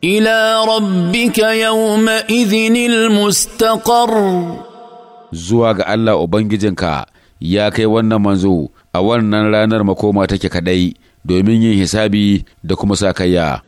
Ila الى ربك يومئذ المستقر zuwa ga Allah Ubangijinka ya kai wannan manzo a wannan ranar makoma take kaɗai domin yin hisabi da kuma sakayya.